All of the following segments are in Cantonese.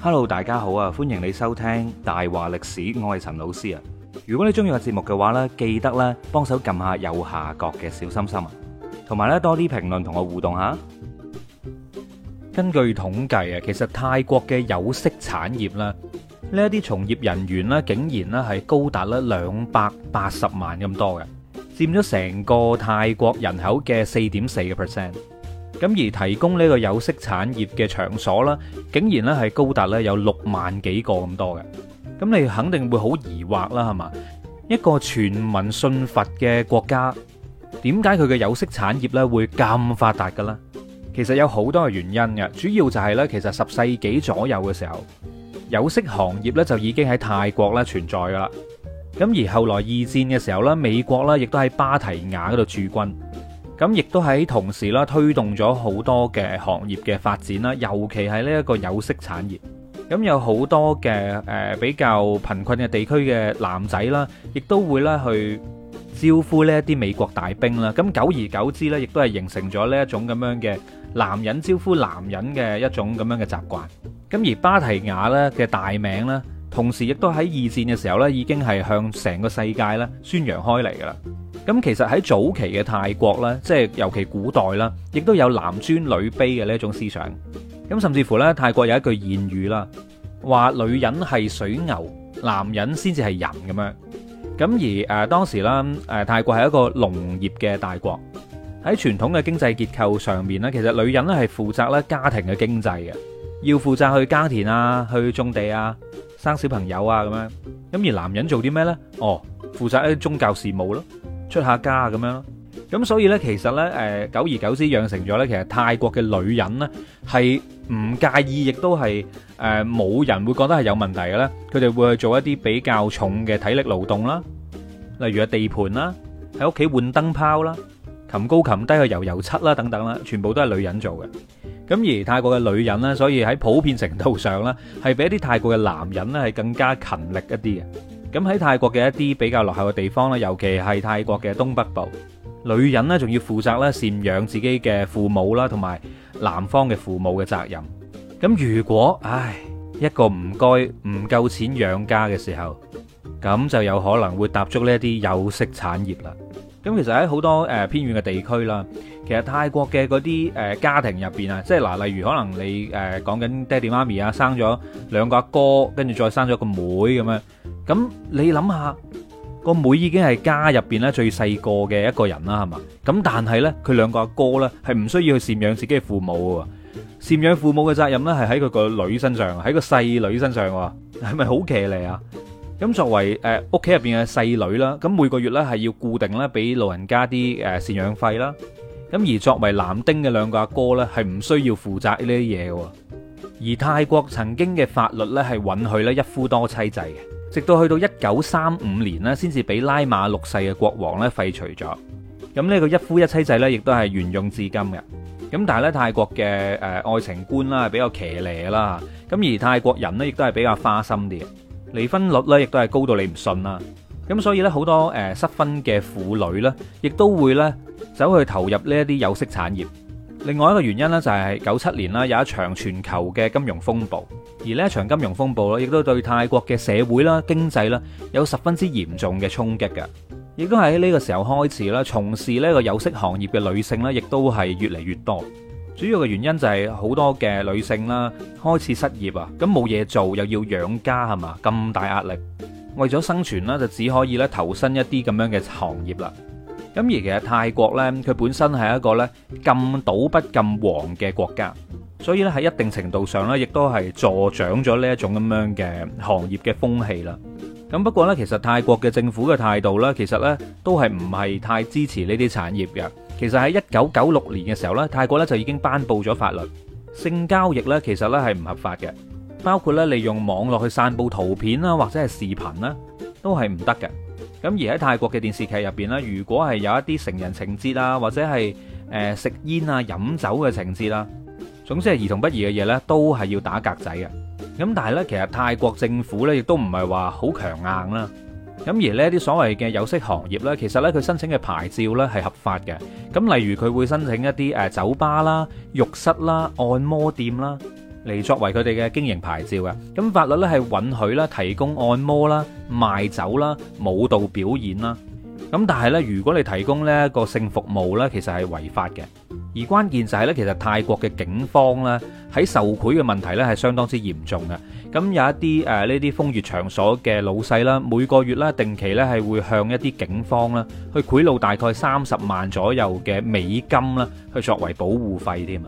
hello，大家好啊，歡迎你收聽大話歷史，我係陳老師啊。如果你中意個節目嘅話呢，記得咧幫手撳下右下角嘅小心心啊，同埋咧多啲評論同我互動下。根據統計啊，其實泰國嘅有色產業啦，呢一啲從業人員呢，竟然咧係高達咧兩百八十萬咁多嘅，佔咗成個泰國人口嘅四點四個 percent。咁而提供呢個有色產業嘅場所啦，竟然咧係高達咧有六萬幾個咁多嘅，咁你肯定會好疑惑啦，係嘛？一個全民信佛嘅國家，點解佢嘅有色產業咧會咁發達嘅咧？其實有好多嘅原因嘅，主要就係咧，其實十世紀左右嘅時候，有色行業咧就已經喺泰國咧存在噶啦。咁而後來二戰嘅時候咧，美國咧亦都喺芭提雅嗰度駐軍。咁亦都喺同時啦，推動咗好多嘅行業嘅發展啦，尤其係呢一個有色產業。咁、嗯、有好多嘅誒、呃、比較貧困嘅地區嘅男仔啦，亦都會咧去招呼呢一啲美國大兵啦。咁、嗯、久而久之咧，亦都係形成咗呢一種咁樣嘅男人招呼男人嘅一種咁樣嘅習慣。咁、嗯、而巴提雅咧嘅大名咧，同時亦都喺二戰嘅時候咧，已經係向成個世界咧宣揚開嚟㗎啦。咁其實喺早期嘅泰國咧，即係尤其古代啦，亦都有男尊女卑嘅呢一種思想。咁甚至乎咧，泰國有一句諺語啦，話女人係水牛，男人先至係人咁樣。咁而誒，當時啦誒，泰國係一個農業嘅大國。喺傳統嘅經濟結構上面咧，其實女人咧係負責咧家庭嘅經濟嘅，要負責去耕田啊、去種地啊、生小朋友啊咁樣。咁而男人做啲咩咧？哦，負責一啲宗教事務咯。出下家咁樣咯，咁所以咧，其實咧，誒，久而久之養成咗咧，其實泰國嘅女人咧係唔介意，亦都係誒冇人會覺得係有問題嘅咧，佢哋會去做一啲比較重嘅體力勞動啦，例如係地盤啦，喺屋企換燈泡啦，擒高擒低去油油漆啦等等啦，全部都係女人做嘅。咁而泰國嘅女人咧，所以喺普遍程度上咧，係比一啲泰國嘅男人咧係更加勤力一啲嘅。咁喺泰國嘅一啲比較落後嘅地方咧，尤其係泰國嘅東北部，女人咧仲要負責咧贍養自己嘅父母啦，同埋男方嘅父母嘅責任。咁如果唉一個唔該唔夠錢養家嘅時候，咁就有可能會踏足呢一啲有色產業啦。咁其實喺好多誒、呃、偏遠嘅地區啦，其實泰國嘅嗰啲誒家庭入邊啊，即係嗱、呃，例如可能你誒講緊爹哋媽咪啊，生咗兩個阿哥、哥，跟住再生咗個妹咁樣。咁你諗下，個妹已經係家入邊咧最細個嘅一個人啦，係嘛？咁但係咧，佢兩個阿哥咧，係唔需要去贍養自己嘅父母嘅。贍養父母嘅責任咧係喺佢個女身上，喺個細女身上，係咪好騎呢啊？咁作為誒屋企入邊嘅細女啦，咁每個月咧係要固定咧俾老人家啲誒贍養費啦。咁而作為男丁嘅兩個阿哥咧係唔需要負責呢啲嘢嘅。而泰國曾經嘅法律咧係允許咧一夫多妻制嘅。直到去到一九三五年咧，先至俾拉馬六世嘅國王咧廢除咗。咁呢個一夫一妻制咧，亦都係沿用至今嘅。咁但係咧，泰國嘅誒、呃、愛情觀啦，係比較騎呢啦。咁而泰國人咧，亦都係比較花心啲，離婚率咧，亦都係高到你唔信啦。咁所以咧，好多誒、呃、失婚嘅婦女咧，亦都會咧走去投入呢一啲有色產業。另外一個原因咧，就係九七年啦，有一場全球嘅金融風暴，而呢一場金融風暴咧，亦都對泰國嘅社會啦、經濟啦有十分之嚴重嘅衝擊㗎。亦都喺呢個時候開始啦，從事呢個有色行業嘅女性呢，亦都係越嚟越多。主要嘅原因就係好多嘅女性啦，開始失業啊，咁冇嘢做又要養家係嘛，咁大壓力，為咗生存啦，就只可以咧投身一啲咁樣嘅行業啦。咁而其實泰國呢，佢本身係一個呢禁賭不禁黃嘅國家，所以呢喺一定程度上呢，亦都係助長咗呢一種咁樣嘅行業嘅風氣啦。咁不過呢，其實泰國嘅政府嘅態度呢，其實呢都係唔係太支持呢啲產業嘅。其實喺一九九六年嘅時候呢，泰國呢就已經頒佈咗法律，性交易呢其實呢係唔合法嘅，包括呢利用網絡去散佈圖片啦，或者係視頻啦，都係唔得嘅。咁而喺泰國嘅電視劇入邊咧，如果係有一啲成人情節啊，或者係誒食煙啊、飲酒嘅情節啦，總之係兒童不宜嘅嘢咧，都係要打格仔嘅。咁但係呢，其實泰國政府呢亦都唔係話好強硬啦。咁而呢啲所謂嘅有色行業呢，其實咧佢申請嘅牌照呢係合法嘅。咁例如佢會申請一啲誒酒吧啦、浴室啦、按摩店啦，嚟作為佢哋嘅經營牌照嘅，咁法律咧係允許啦，提供按摩啦、賣酒啦、舞蹈表演啦，咁但係咧，如果你提供咧個性服務咧，其實係違法嘅。而關鍵就係咧，其實泰國嘅警方咧喺受賄嘅問題咧係相當之嚴重嘅。咁有一啲誒呢啲風月場所嘅老細啦，每個月啦定期咧係會向一啲警方啦去賄賂大概三十萬左右嘅美金啦，去作為保護費添啊！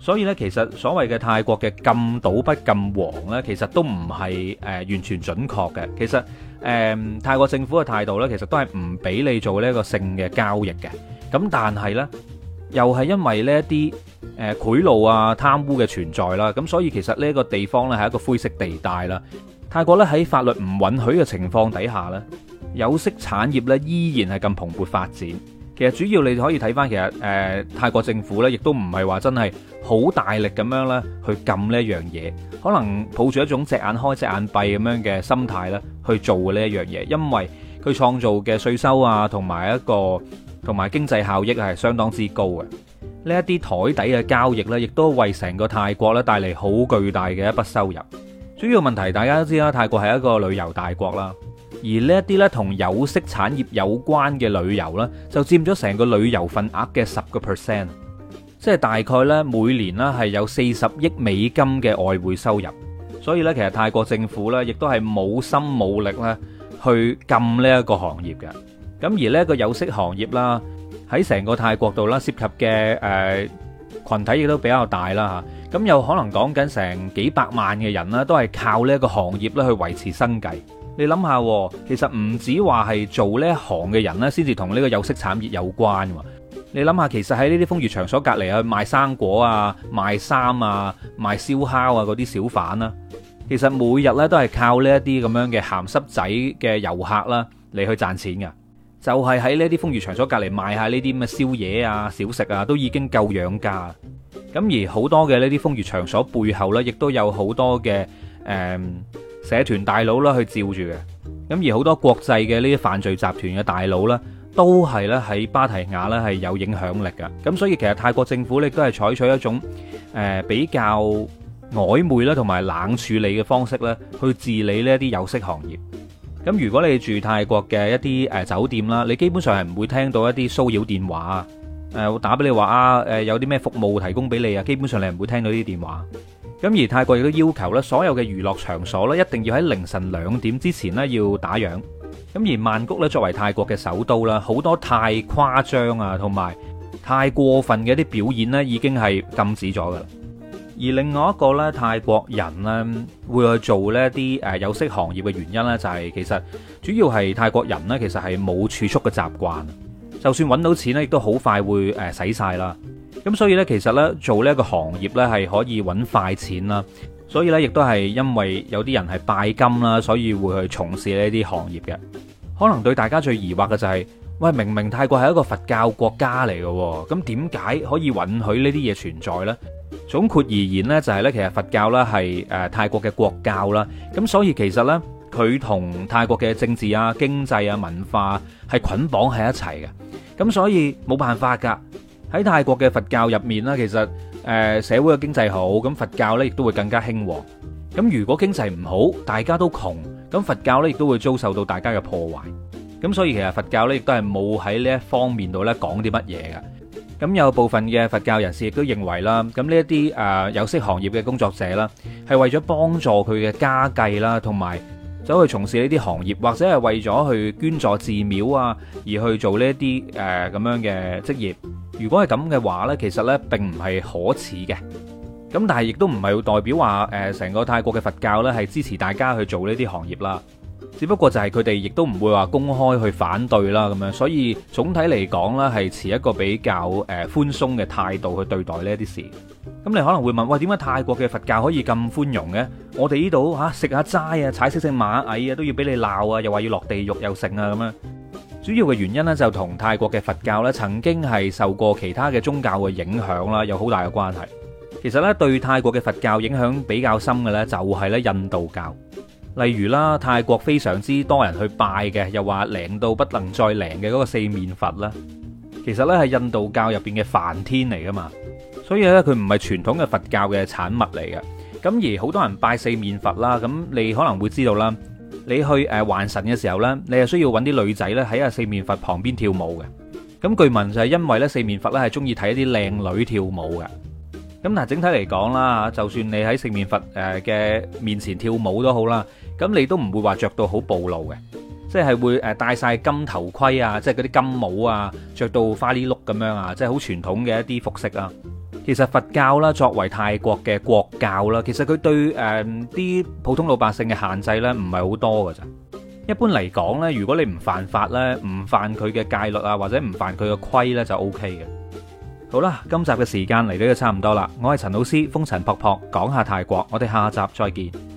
所以呢，其實所謂嘅泰國嘅禁賭不禁黃呢，其實都唔係誒完全準確嘅。其實誒、呃、泰國政府嘅態度呢，其實都係唔俾你做呢一個性嘅交易嘅。咁但係呢，又係因為呢一啲誒賄賂啊、貪污嘅存在啦，咁所以其實呢一個地方呢，係一個灰色地帶啦。泰國呢，喺法律唔允許嘅情況底下呢，有色產業呢依然係咁蓬勃發展。其實主要你可以睇返，其實誒、呃，泰國政府呢亦都唔係話真係好大力咁樣呢去禁呢一樣嘢，可能抱住一種隻眼開隻眼閉咁樣嘅心態呢去做呢一樣嘢，因為佢創造嘅稅收啊，同埋一個同埋經濟效益係相當之高嘅。呢一啲台底嘅交易呢，亦都為成個泰國呢帶嚟好巨大嘅一筆收入。主要問題大家都知啦，泰國係一個旅遊大國啦。而呢一啲咧同有色產業有關嘅旅遊咧，就佔咗成個旅遊份額嘅十個 percent，即係大概咧每年啦係有四十億美金嘅外匯收入。所以咧，其實泰國政府咧亦都係冇心冇力咧去禁呢一個行業嘅。咁而呢一個有色行業啦，喺成個泰國度啦涉及嘅誒羣體亦都比較大啦吓。咁有可能講緊成幾百萬嘅人啦，都係靠呢一個行業咧去維持生計。你諗下，其實唔止話係做呢一行嘅人呢先至同呢個有色產業有關。你諗下，其實喺呢啲風月場所隔籬去賣生果啊、賣衫啊、賣燒烤啊嗰啲小販啊，其實每日呢都係靠呢一啲咁樣嘅咸濕仔嘅遊客啦嚟去賺錢噶。就係喺呢啲風月場所隔籬賣下呢啲咁嘅宵夜啊、小食啊，都已經夠養家。咁而好多嘅呢啲風月場所背後呢，亦都有好多嘅誒。嗯社團大佬啦，去照住嘅。咁而好多國際嘅呢啲犯罪集團嘅大佬啦，都係咧喺芭提雅咧係有影響力嘅。咁所以其實泰國政府咧都係採取一種誒、呃、比較曖昧啦，同埋冷處理嘅方式咧，去治理呢啲有色行業。咁、呃、如果你住泰國嘅一啲誒酒店啦，你基本上係唔會聽到一啲騷擾電話啊，誒、呃、打俾你話啊，誒、呃、有啲咩服務提供俾你啊，基本上你唔會聽到呢啲電話。咁而泰國亦都要求咧，所有嘅娛樂場所咧，一定要喺凌晨兩點之前咧要打烊。咁而曼谷咧，作為泰國嘅首都啦，好多太誇張啊，同埋太過分嘅一啲表演咧，已經係禁止咗㗎啦。而另外一個咧，泰國人咧會去做咧一啲誒有色行業嘅原因咧，就係其實主要係泰國人咧，其實係冇儲蓄嘅習慣，就算揾到錢咧，亦都好快會誒使曬啦。咁所以呢，其實呢，做呢一個行業呢，係可以揾快錢啦，所以呢，亦都係因為有啲人係拜金啦，所以會去從事呢啲行業嘅。可能對大家最疑惑嘅就係、是，「喂，明明泰國係一個佛教國家嚟嘅，咁點解可以允許呢啲嘢存在呢？」總括而言呢，就係呢，其實佛教呢係誒泰國嘅國教啦，咁所以其實呢，佢同泰國嘅政治啊、經濟啊、文化係捆綁喺一齊嘅，咁所以冇辦法噶。喺泰國嘅佛教入面啦，其實誒社會嘅經濟好，咁佛教咧亦都會更加興旺。咁如果經濟唔好，大家都窮，咁佛教咧亦都會遭受到大家嘅破壞。咁所以其實佛教咧亦都係冇喺呢一方面度咧講啲乜嘢嘅。咁有部分嘅佛教人士亦都認為啦，咁呢一啲誒有色行業嘅工作者啦，係為咗幫助佢嘅家計啦，同埋走去從事呢啲行業，或者係為咗去捐助寺廟啊，而去做呢一啲誒咁樣嘅職業。如果係咁嘅話呢，其實呢並唔係可恥嘅。咁但係亦都唔係代表話誒成個泰國嘅佛教呢係支持大家去做呢啲行業啦。只不過就係佢哋亦都唔會話公開去反對啦咁樣。所以總體嚟講呢，係持一個比較誒寬鬆嘅態度去對待呢啲事。咁你可能會問：喂，點解泰國嘅佛教可以咁寬容嘅？我哋呢度吓食下齋啊，踩死隻螞蟻啊都要俾你鬧啊，又話要落地獄又成啊咁啊！主要嘅原因咧，就同泰國嘅佛教咧，曾經係受過其他嘅宗教嘅影響啦，有好大嘅關係。其實咧，對泰國嘅佛教影響比較深嘅咧，就係咧印度教。例如啦，泰國非常之多人去拜嘅，又話靈到不能再靈嘅嗰個四面佛啦。其實咧係印度教入邊嘅梵天嚟噶嘛，所以咧佢唔係傳統嘅佛教嘅產物嚟嘅。咁而好多人拜四面佛啦，咁你可能會知道啦。你去誒還神嘅時候呢，你係需要揾啲女仔呢，喺阿四面佛旁邊跳舞嘅。咁據聞就係因為呢四面佛呢係中意睇一啲靚女跳舞嘅。咁嗱，但整體嚟講啦，就算你喺四面佛誒嘅面前跳舞都好啦，咁你都唔會話着到好暴露嘅，即係會誒戴晒金頭盔啊，即係嗰啲金帽啊，着到花哩碌咁樣啊，即係好傳統嘅一啲服飾啊。其實佛教啦，作為泰國嘅國教啦，其實佢對誒啲、呃、普通老百姓嘅限制咧，唔係好多㗎咋。一般嚟講咧，如果你唔犯法咧，唔犯佢嘅戒律啊，或者唔犯佢嘅規咧，就 O K 嘅。好啦，今集嘅時間嚟到就差唔多啦，我係陳老師，風塵僕僕講下泰國，我哋下集再見。